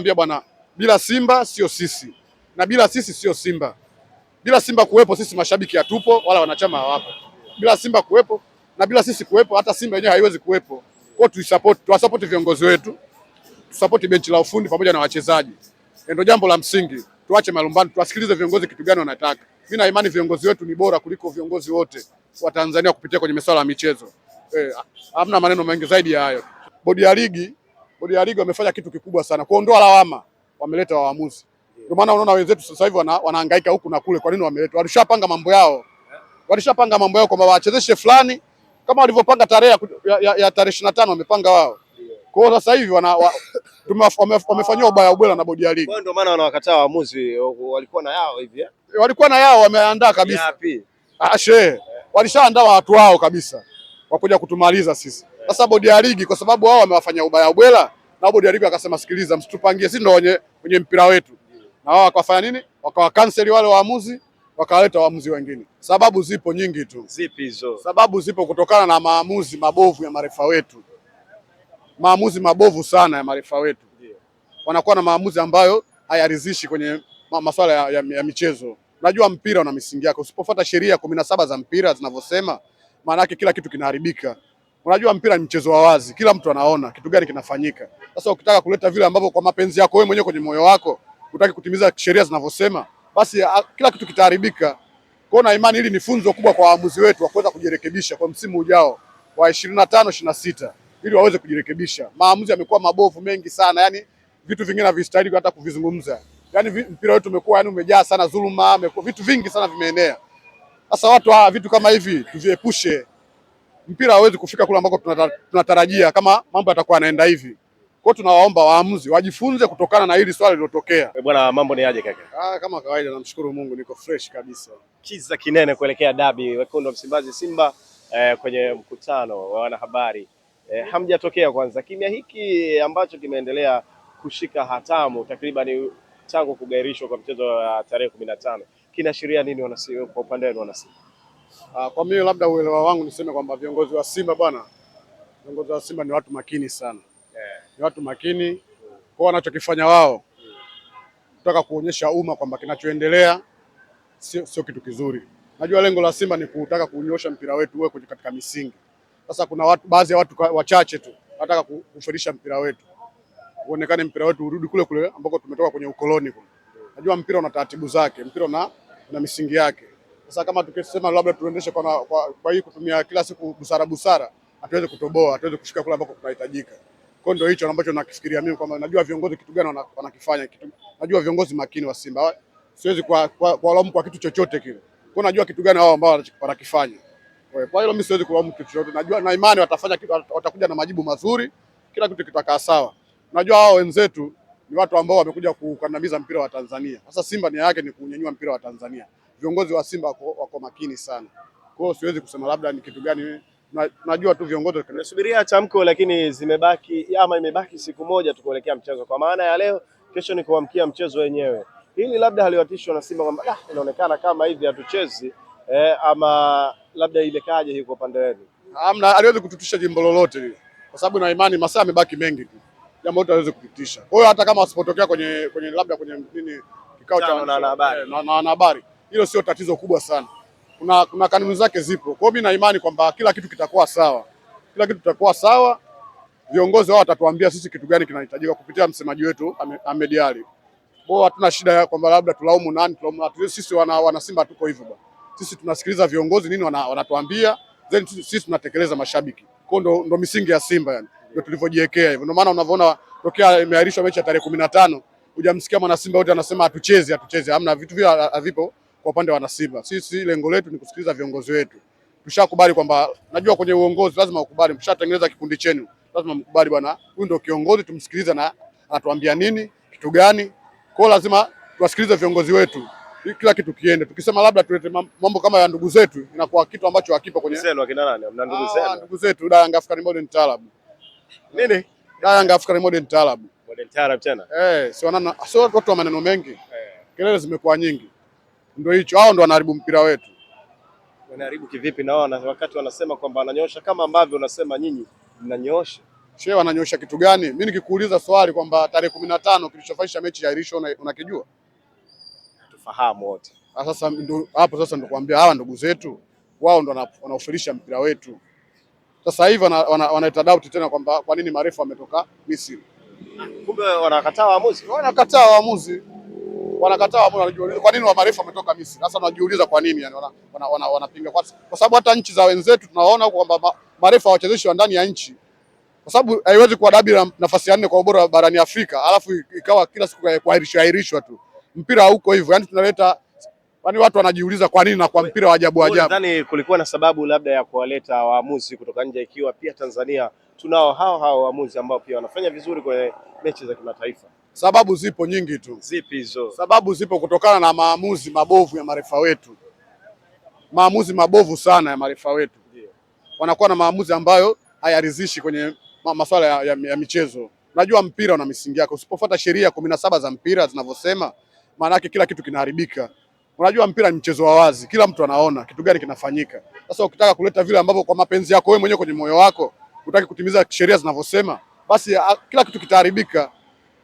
tunawaambia bwana, bila Simba sio sisi na bila sisi sio Simba. Bila Simba kuwepo sisi mashabiki hatupo, wala wanachama hawapo. Bila Simba kuwepo na bila sisi kuwepo, hata Simba yenyewe haiwezi kuwepo. Kwa tu support, tu support viongozi wetu, tu support benchi la ufundi pamoja na wachezaji, ndio jambo la msingi. Tuache malumbano, tuwasikilize viongozi kitu gani wanataka. Mimi na imani viongozi wetu ni bora kuliko viongozi wote wa Tanzania kupitia kwenye masuala ya michezo. Eh, hamna maneno mengi zaidi ya hayo. Bodi ya ligi Bodi ya Ligi wamefanya kitu kikubwa sana kuondoa lawama, wameleta waamuzi. Ndio maana unaona wenzetu sasa hivi wana, wanahangaika huku na kule. Kwa nini wameletwa? Walishapanga mambo yao, walishapanga mambo yao kwamba wachezeshe fulani kama walivyopanga tarehe ya, ya, ya tarehe ishirini na tano wamepanga wao. Kwa hiyo sasa hivi wana wa, wamefanyiwa ubaya ubwela na bodi ya ligi. Kwa Ndio maana wanawakataa waamuzi, walikuwa na yao hivi eh? eh walikuwa na yao wameandaa kabisa. yapi ashe ah, yeah. walishaandaa watu wao kabisa wakuja kutumaliza sisi. Sasa yeah. bodi ya ligi kwa sababu wao wamewafanya ubaya ubwela na bodi ya ligi akasema, sikiliza, msitupangie sisi ndo wenye kwenye mpira wetu, na wao wakafanya nini? cancel wale waamuzi wakawaleta waamuzi wengine. Sababu zipo nyingi tu. Zipi hizo? Sababu zipo kutokana na maamuzi mabovu ya marefa wetu, maamuzi mabovu sana ya marefa wetu Wanakuwa na maamuzi ambayo hayaridhishi kwenye masuala ya, ya, ya michezo. Najua mpira una misingi yake, usipofuata sheria kumi na saba za mpira zinavyosema, maana yake kila kitu kinaharibika. Unajua mpira ni mchezo wa wazi, kila mtu anaona kitu gani kinafanyika. Sasa ukitaka kuleta vile ambavyo kwa mapenzi yako wewe mwenyewe kwenye moyo wako utaki kutimiza sheria zinavyosema, basi a, ah, kila kitu kitaharibika. Kwa na imani hili ni funzo kubwa kwa waamuzi wetu wa kuweza kujirekebisha kwa msimu ujao wa 25 26 ili waweze kujirekebisha. Maamuzi yamekuwa mabovu mengi sana, yani vitu vingine havistahili hata kuvizungumza. Yani mpira wetu umekuwa yani umejaa sana dhuluma, vitu vingi sana vimeenea. Sasa watu hawa vitu kama hivi tuviepushe mpira hawezi kufika kule ambako tunatarajia kama mambo yatakuwa yanaenda hivi. Kwa hiyo tunawaomba waamuzi wajifunze kutokana na hili swala lililotokea. Eh, bwana, mambo ni aje kaka? Ah, kama kawaida, namshukuru Mungu niko fresh kabisa. Kiza kinene kuelekea dabi wekundu wa Msimbazi Simba eh, kwenye mkutano wa wanahabari eh, hamjatokea kwanza. Kimya hiki ambacho kimeendelea kushika hatamu takriban tangu kugairishwa kwa mchezo wa tarehe kumi na tano kinaashiria nini kwa upande wenu wanasimba? Ah, kwa mimi labda uelewa wangu niseme kwamba viongozi wa Simba bwana, viongozi wa Simba ni watu makini sana yeah. Ni watu makini kwa wanachokifanya wao kutaka yeah, kuonyesha umma kwamba kinachoendelea sio sio kitu kizuri. Najua lengo la Simba ni kutaka kunyosha mpira wetu uwe katika misingi. Sasa kuna watu, baadhi ya watu wachache tu wanataka kufirisha mpira wetu uonekane mpira wetu urudi kule kule ambako tumetoka kwenye ukoloni kule. Najua mpira una taratibu zake, mpira una, una misingi yake sasa kama tukisema labda tuendeshe kwa, kwa, kwa hii kutumia kila siku busara busara, hatuwezi kutoboa, hatuwezi kushika kule ambako kunahitajika. Kwa ndio hicho ambacho nakifikiria mimi kwamba najua viongozi kitu gani wanakifanya, kitu najua viongozi makini wa Simba, siwezi kwa kwa, kwa kwa, kwa kitu chochote kile, kwa najua kitu gani wao ambao wanakifanya. Kwa hiyo mimi siwezi kulaumu kitu chochote, najua na imani watafanya kitu, watakuja na majibu mazuri, kila kitu kitakaa sawa. Najua wao wenzetu ni watu ambao wamekuja kukandamiza mpira wa Tanzania. Sasa Simba nia yake ni kunyanyua mpira wa Tanzania viongozi wa Simba wako, wako makini sana. Kwa hiyo siwezi kusema labda ni kitu gani, najua tu viongozi nasubiria tamko, lakini zimebaki ama imebaki siku moja tu kuelekea mchezo, kwa maana ya leo, kesho ni kuamkia mchezo wenyewe. Hili labda haliwatishwa na Simba kwamba ah, inaonekana kama hivi hatuchezi eh, ama labda ilekaje hii kwa upande wenu? Hamna, aliwezi kututisha jimbo lolote lile, kwa sababu na imani masaa yamebaki mengi tu, jambo lote haliwezi kututisha. Kwa hiyo hata kama wasipotokea kwenye, kwenye labda kwenye nini kikao cha wanahabari eh, hilo sio tatizo kubwa sana. Kuna, kuna kanuni zake zipo. Kwa hiyo mimi na imani kwamba kila kitu kitakuwa sawa, kila kitu kitakuwa sawa. Viongozi wao watatuambia sisi kitu gani kinahitajika kupitia msemaji wetu Ahmed Ally. Kwa hatuna shida ya kwamba labda tulaumu nani, tulaumu sisi. Wana, wana Simba tuko hivyo bwana, sisi tunasikiliza viongozi nini wanatuambia, then sisi tunatekeleza mashabiki. Kwa ndo, ndo misingi ya Simba yani, ndio tulivyojiwekea hivyo. Ndio maana unavyoona tokea imeahirishwa mechi ya tarehe 15 hujamsikia mwana Simba wote anasema hatuchezi, hatuchezi. Hamna, vitu vile havipo kwa upande wa Wanasimba. Sisi lengo letu ni kusikiliza viongozi wetu. Tushakubali kwamba najua kwenye uongozi lazima ukubali, mshatengeneza kikundi chenu, lazima mkubali bwana, huyu ndio kiongozi, tumsikilize na anatuambia nini, kitu gani. Kwa hiyo lazima tuwasikilize viongozi wetu kila kitu kiende. Tukisema labda tulete mambo kama ya ndugu zetu, inakuwa kitu ambacho hakipo kwenye zenu. Akina nani? Mna ndugu ah, zenu? Ah, ndugu zetu da Yanga African Modern Taarab. Nini? Da Yanga African Modern Taarab. Modern Taarab tena? Eh, si wana sio watu wa maneno mengi. eh. Kelele zimekuwa nyingi ndio hicho, hao ndio wanaharibu mpira wetu. Wanaharibu kivipi? Na wana, wakati wanasema kwamba ananyosha kama ambavyo unasema nyinyi mnanyosha, she wananyosha kitu gani? Mimi nikikuuliza swali kwamba tarehe kumi na tano kilichofanyisha mechi ya Irisho unakijua? Una tufahamu wote ah, sasa, ndo hapo sasa ndo kuambia hawa ndugu zetu wao ndo wanaofilisha mpira wetu. Sasa hivi wanaita wana, wana doubt tena kwamba kwa nini marefu wametoka Misri, ah, kumbe wanakataa waamuzi, wanakataa waamuzi wanakataa hapo, wanajiuliza kwa nini wa marefu wametoka Misri. Sasa wanajiuliza kwa nini yani, wanapinga wana, wana, wana kwa sababu hata nchi za wenzetu tunaona kwamba marefu hawachezeshi ndani ya nchi, kwa sababu haiwezi kuwa dabi na nafasi ya nne kwa ubora barani Afrika alafu ikawa kila siku kuahirishwa ahirishwa tu. Mpira huko hivyo yani, tunaleta yani watu wanajiuliza kwa nini na kwa mpira wa ajabu ajabu. Nadhani kulikuwa na sababu labda ya kuwaleta waamuzi kutoka nje, ikiwa pia Tanzania tunao hao hao waamuzi ambao pia wanafanya vizuri kwenye mechi za kimataifa. Sababu zipo nyingi tu. Zipi hizo? Sababu zipo kutokana na maamuzi mabovu ya marefa wetu, maamuzi mabovu sana ya marefa wetu yeah. Wanakuwa na maamuzi ambayo hayaridhishi kwenye masuala ya, ya, ya michezo. Najua mpira una misingi yake, usipofuata sheria kumi na saba za mpira zinavyosema, maana yake kila kitu kinaharibika. Unajua mpira ni mchezo wa wazi, kila mtu anaona kitu gani kinafanyika. Sasa ukitaka kuleta vile ambavyo kwa mapenzi yako wewe mwenyewe kwenye moyo wako utaki kutimiza sheria zinavyosema, basi kila kitu kitaharibika.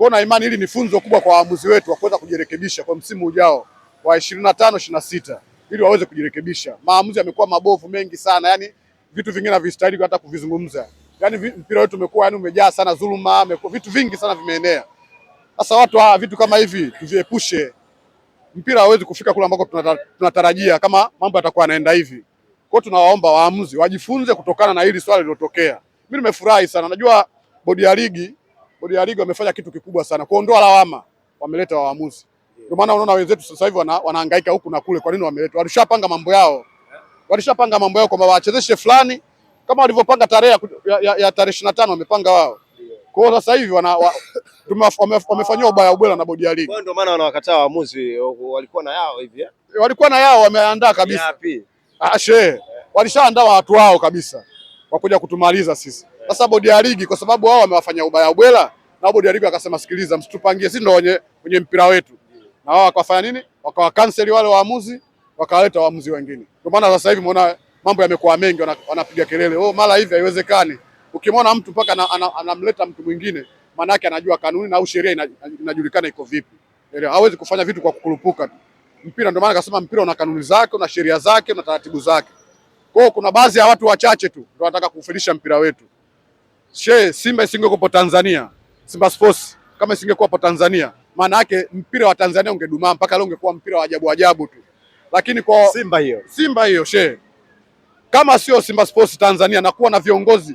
Kwa na imani hili ni funzo kubwa kwa waamuzi wetu wa kuweza kujirekebisha kwa msimu ujao wa 25 26 ili waweze kujirekebisha. Maamuzi yamekuwa mabovu mengi sana, yani vitu vingine havistahili hata kuvizungumza. Yani mpira wetu umekuwa yani umejaa sana dhuluma, vitu vingi sana vimeenea. Sasa watu hawa, vitu kama hivi tuviepushe. Mpira hawezi kufika kule ambako tunatarajia kama mambo yatakuwa yanaenda hivi. Kwa hiyo tunawaomba waamuzi wajifunze kutokana na hili swala lililotokea. Mimi nimefurahi sana. Najua bodi ya ligi bodi ya ligi wamefanya kitu kikubwa sana kuondoa lawama, wameleta waamuzi. Ndio maana unaona wenzetu sasa hivi wana, wanahangaika huku na kule. Kwa nini wameleta? Walishapanga mambo yao, walishapanga mambo yao kwamba wachezeshe fulani kama walivyopanga tarehe ya, ya, ya tarehe ishirini na tano wamepanga wao. Kwa hiyo sasa hivi wana wa, wamefanyiwa ubaya ubwela na bodi ya ligi. Ndio maana wanawakataa waamuzi, walikuwa na yao hivi eh? Walikuwa na yao wameandaa kabisa. Ah, she. Walishaandaa watu wao kabisa. Wakuja kutumaliza sisi. Sasa bodi ya ligi kwa sababu wao wamewafanya ubaya ubwela, na bodi ya ligi wakasema, sikiliza, msitupangie sisi ndio wenye wenye mpira wetu, na wao wakafanya nini? Wakawa cancel wale waamuzi, wakawaleta waamuzi wengine. Ndio maana sasa hivi muona mambo yamekuwa mengi, wanapiga kelele, oh, mara hivi haiwezekani. Ukimwona mtu mpaka anamleta mtu mwingine, maana yake anajua kanuni na au sheria inajulikana iko vipi. Hawezi kufanya vitu kwa kukurupuka tu. Mpira ndio maana akasema mpira una kanuni zake, una sheria zake, una taratibu zake. Kwa hiyo kuna baadhi ya watu wachache tu ndio wanataka kufundisha mpira wetu she Simba isingekuwa isingekuwepo Tanzania, Simba Sports kama isingekuwa isingekuwepo Tanzania, maana yake mpira wa Tanzania ungedumaa mpaka leo, ungekuwa mpira wa ajabu ajabu tu, lakini kwa Simba hiyo Simba hiyo she kama sio Simba Sports Tanzania na kuwa na viongozi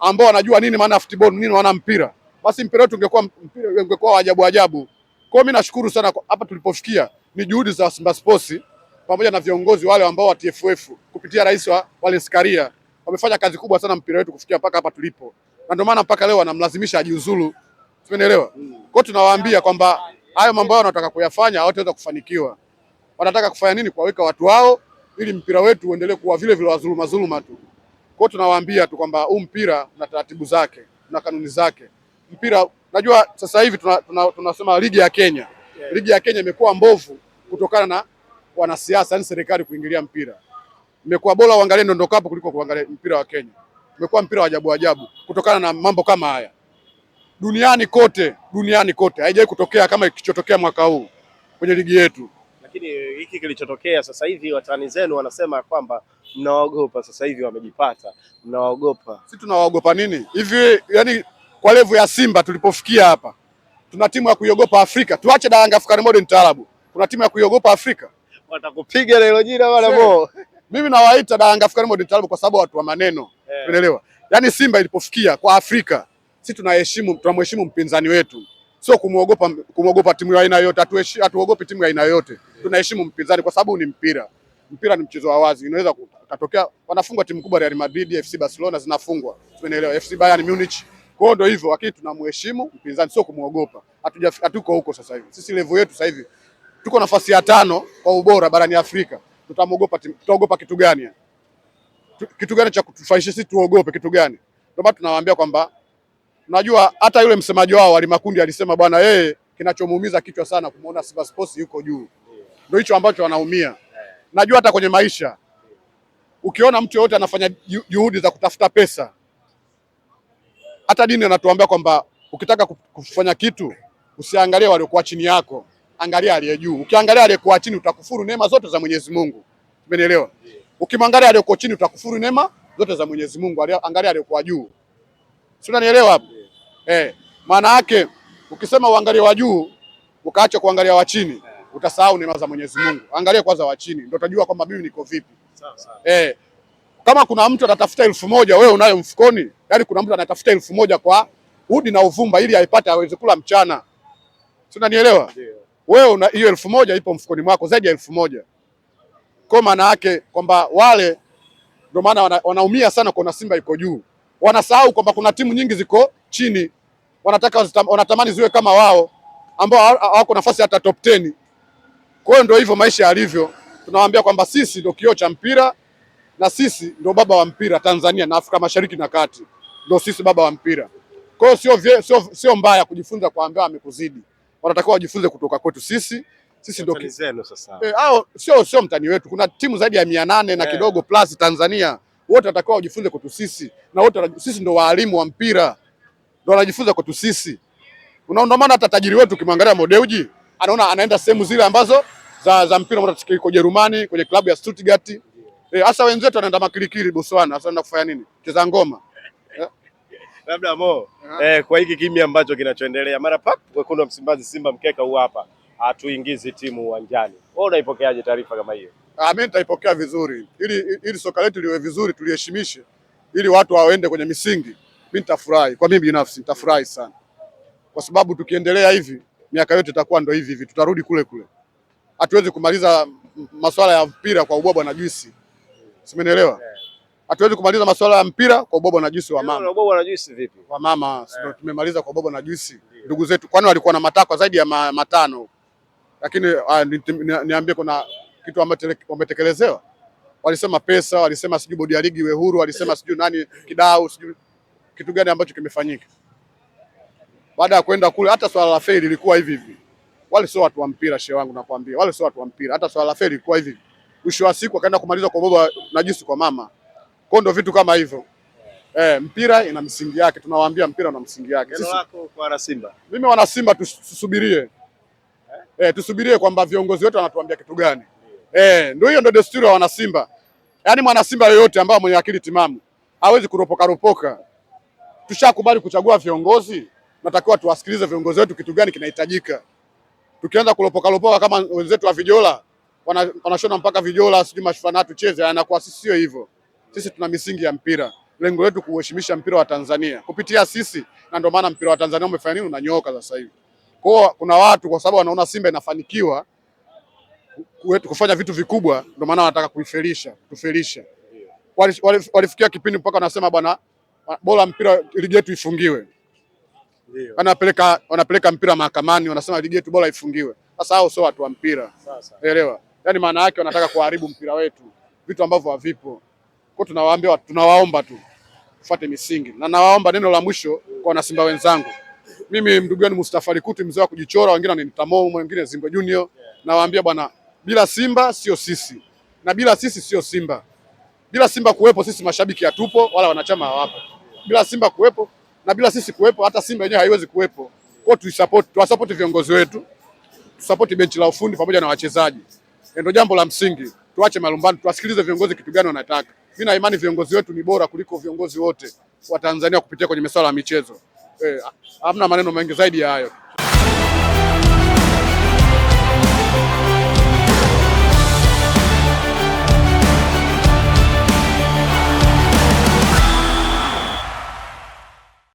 ambao wanajua nini maana football nini maana mpira, basi mpira wetu ungekuwa mpira ungekuwa wa ajabu ajabu. Kwa hiyo mimi nashukuru sana hapa tulipofikia ni juhudi za Simba Sports pamoja na viongozi wale ambao wa TFF kupitia rais wa Wallace Karia wamefanya kazi kubwa sana mpira wetu kufikia mpaka hapa tulipo na ndio maana mpaka leo wanamlazimisha ajiuzulu, umeelewa? Kwa hiyo tunawaambia kwamba hayo mambo yao wanataka kuyafanya hawataweza kufanikiwa. Wanataka kufanya nini? Kuwaweka watu wao ili mpira wetu uendelee kuwa vile vile wazuluma zuluma tu. Kwa hiyo tunawaambia tu kwamba huu mpira una taratibu zake, na kanuni zake. Mpira najua sasa hivi tunasema tuna, tuna, ligi ya Kenya. Ligi ya Kenya imekuwa mbovu kutokana na wanasiasa, yani serikali kuingilia mpira. Imekuwa bora uangalie ndondokapa kuliko kuangalia mpira wa Kenya umekuwa mpira wa ajabu ajabu kutokana na mambo kama haya duniani kote, duniani kote haijawahi kutokea kama ikichotokea mwaka huu kwenye ligi yetu. Lakini hiki kilichotokea sasa hivi, watani zenu wanasema kwamba mnawaogopa, sasa hivi wamejipata, mnawaogopa. Sisi tunawaogopa nini hivi? Yani kwa levu ya Simba tulipofikia hapa, tuna timu ya kuiogopa Afrika? Tuache Daranga African Modern Taarabu, kuna timu ya kuiogopa Afrika? Watakupiga hilo jina bwana. Mimi nawaita Daranga African Modern Taarabu kwa sababu watu wa maneno Eh. unaelewa? Yaani Simba ilipofikia kwa Afrika, sisi tunaheshimu tunamheshimu mpinzani wetu, sio kumuogopa kumuogopa timu ya aina yoyote. Hatuogopi timu ya aina yoyote, tunaheshimu mpinzani kwa sababu ni mpira. Mpira ni mchezo wa wazi, inaweza kutokea wanafungwa timu kubwa, Real Madrid, FC Barcelona zinafungwa, unaelewa, FC Bayern Munich. Kwa hiyo ndio hivyo, lakini tunamheshimu mpinzani, sio kumuogopa. Hatujafika tuko huko sasa hivi, sisi level yetu sasa hivi tuko nafasi ya tano kwa ubora barani Afrika. Tutamuogopa, tutaogopa kitu gani? kitu gani cha kutufaisha sisi tuogope kitu gani? Ndio maana tunawaambia kwamba najua hata yule msemaji wao alimakundi alisema bwana, yeye kinachomuumiza kichwa sana kumuona Simba Sports yuko juu, ndio hicho ambacho anaumia. Najua hata kwenye maisha ukiona mtu yoyote anafanya juhudi za kutafuta pesa, hata dini anatuambia kwamba ukitaka kufanya kitu usiangalie waliokuwa chini yako, angalia aliye juu. Ukiangalia aliyekuwa chini utakufuru neema zote za Mwenyezi Mungu. Umenielewa? Ukimwangalia aliyoko chini utakufuru neema zote za Mwenyezi Mungu, angalia aliyoko juu. Si unanielewa hapo? Eh, maana yake ukisema uangalie wa juu ukaacha kuangalia wa chini utasahau neema za Mwenyezi Mungu. Angalia kwanza wa chini ndio utajua kwamba mimi niko vipi. Eh, kama kuna mtu anatafuta elfu moja wewe unayo mfukoni, yaani kuna mtu anatafuta elfu moja kwa udi na uvumba ili aipate aweze kula mchana. Si unanielewa? Wewe una hiyo elfu moja ipo mfukoni mwako zaidi ya elfu moja kwa maana yake kwamba wale ndio maana wana, wanaumia sana kuona Simba iko juu, wanasahau kwamba kuna timu nyingi ziko chini, wanataka wanatamani ziwe kama wao ambao hawako nafasi hata top 10. Kwa hiyo ndio hivyo maisha yalivyo, tunawaambia kwamba sisi ndio kioo cha mpira na sisi ndio baba wa mpira Tanzania na Afrika Mashariki na Kati, ndio sisi baba wa mpira. Kwa hiyo sio, sio, sio mbaya kujifunza kwa ambao wamekuzidi, wanatakiwa wajifunze kutoka kwetu sisi sisi ndio zenu sasa. Eh, au sio sio mtani wetu, kuna timu zaidi ya 800 yeah. na eh. kidogo plus Tanzania, wote watakao wajifunze kwetu sisi na wote sisi ndio waalimu wa mpira, ndio wanajifunza kwetu sisi. Unaona, maana hata tajiri wetu kimwangalia Modeuji anaona anaenda sehemu zile ambazo za, za mpira mtatuki kwa Jerumani kwenye klabu ya Stuttgart. Eh, Hasa wenzetu wanaenda makilikili Botswana, hasa sasa kufanya nini? Cheza ngoma. Eh? Labda mo eh. eh, kwa hiki kimya ambacho kinachoendelea mara pap wekundu wa Msimbazi Simba mkeka huu hapa hatuingizi timu uwanjani. Wewe unaipokeaje taarifa kama hiyo? Ah, mimi nitaipokea vizuri, ili ili soka letu liwe vizuri, tuliheshimishe, ili watu waende kwenye misingi. Mimi nitafurahi, kwa mimi binafsi nitafurahi sana, kwa sababu tukiendelea hivi miaka yote itakuwa ndo hivi hivi, tutarudi kule kule. Hatuwezi kumaliza masuala ya mpira kwa ubwabwa na juisi, simenielewa? Hatuwezi kumaliza masuala ya mpira kwa ubwabwa na juisi wa yaani mama. Ubwabwa na juisi vipi? Wa mama, sio tumemaliza kwa ubwabwa na juisi. Ndugu zetu, kwani walikuwa na matakwa zaidi ya matano lakini ah, niambie kuna kitu wametekelezewa? Walisema pesa, walisema sijui bodi ya ligi iwe huru, walisema sijui nani kidau, sijui kitu gani ambacho kimefanyika baada ya kwenda kule. Hata swala la feli lilikuwa hivi hivi, wale sio watu wa mpira, shehe wangu nakwambia, wale sio watu wa mpira. Hata swala la feli lilikuwa hivi hivi, mwisho wa siku akaenda kumaliza kwa baba jisi kwa mama kwa ndo vitu kama hivyo. Eh, mpira ina msingi yake, tunawaambia mpira una msingi yake. Sisi, mimi wana Simba tusubirie e, tusubirie kwamba viongozi wetu wanatuambia kitu gani. Eh, ndio hiyo ndio desturi ya wana wanasimba. Yaani Simba yoyote ambaye mwenye akili timamu hawezi kuropoka ropoka. Tushakubali kuchagua viongozi, natakiwa tuwasikilize viongozi wetu kitu gani kinahitajika. Tukianza kuropoka ropoka kama wenzetu wa Vijola wanashona mpaka Vijola sijui mashindano tucheze, anakuwa sisi sio hivyo. Sisi tuna misingi ya mpira. Lengo letu kuheshimisha mpira wa Tanzania kupitia sisi, na ndio maana mpira wa Tanzania umefanya nini, unanyooka sasa hivi. Kwa kuna watu kwa sababu wanaona Simba inafanikiwa kufanya vitu vikubwa, ndio maana wanataka kuifelisha tufelisha. Walifikia kipindi mpaka wanasema bwana, bora mpira ligi yetu ifungiwe. Wanapeleka wanapeleka mpira mahakamani, wanasema ligi yetu bora ifungiwe. Sasa hao sio watu wa mpira, elewa. Yani maana yake wanataka kuharibu mpira wetu, vitu ambavyo havipo. Kwa tunawaambia, tunawaomba tu fuate misingi, na nawaomba neno la mwisho kwa wanasimba wenzangu mimi ndugu yenu Mustafa Likuti, mzee wa kujichora, wengine ni Momo, wengine Zimba Junior. Nawaambia bwana, bila Simba sio sisi na bila sisi sio Simba. Bila Simba kuwepo sisi mashabiki hatupo, wala wanachama hawapo. Bila Simba kuwepo na bila sisi kuwepo, hata Simba yenyewe haiwezi kuwepo. Kwa tu support, tu support viongozi wetu, tu support benchi la ufundi pamoja na wachezaji, ndio jambo la msingi. Tuache malumbano, tuwasikilize viongozi kitu gani wanataka. Mimi na imani viongozi wetu ni bora kuliko viongozi wote wa Tanzania kupitia kwenye masuala ya michezo. Eh, hamna maneno mengi zaidi ya hayo.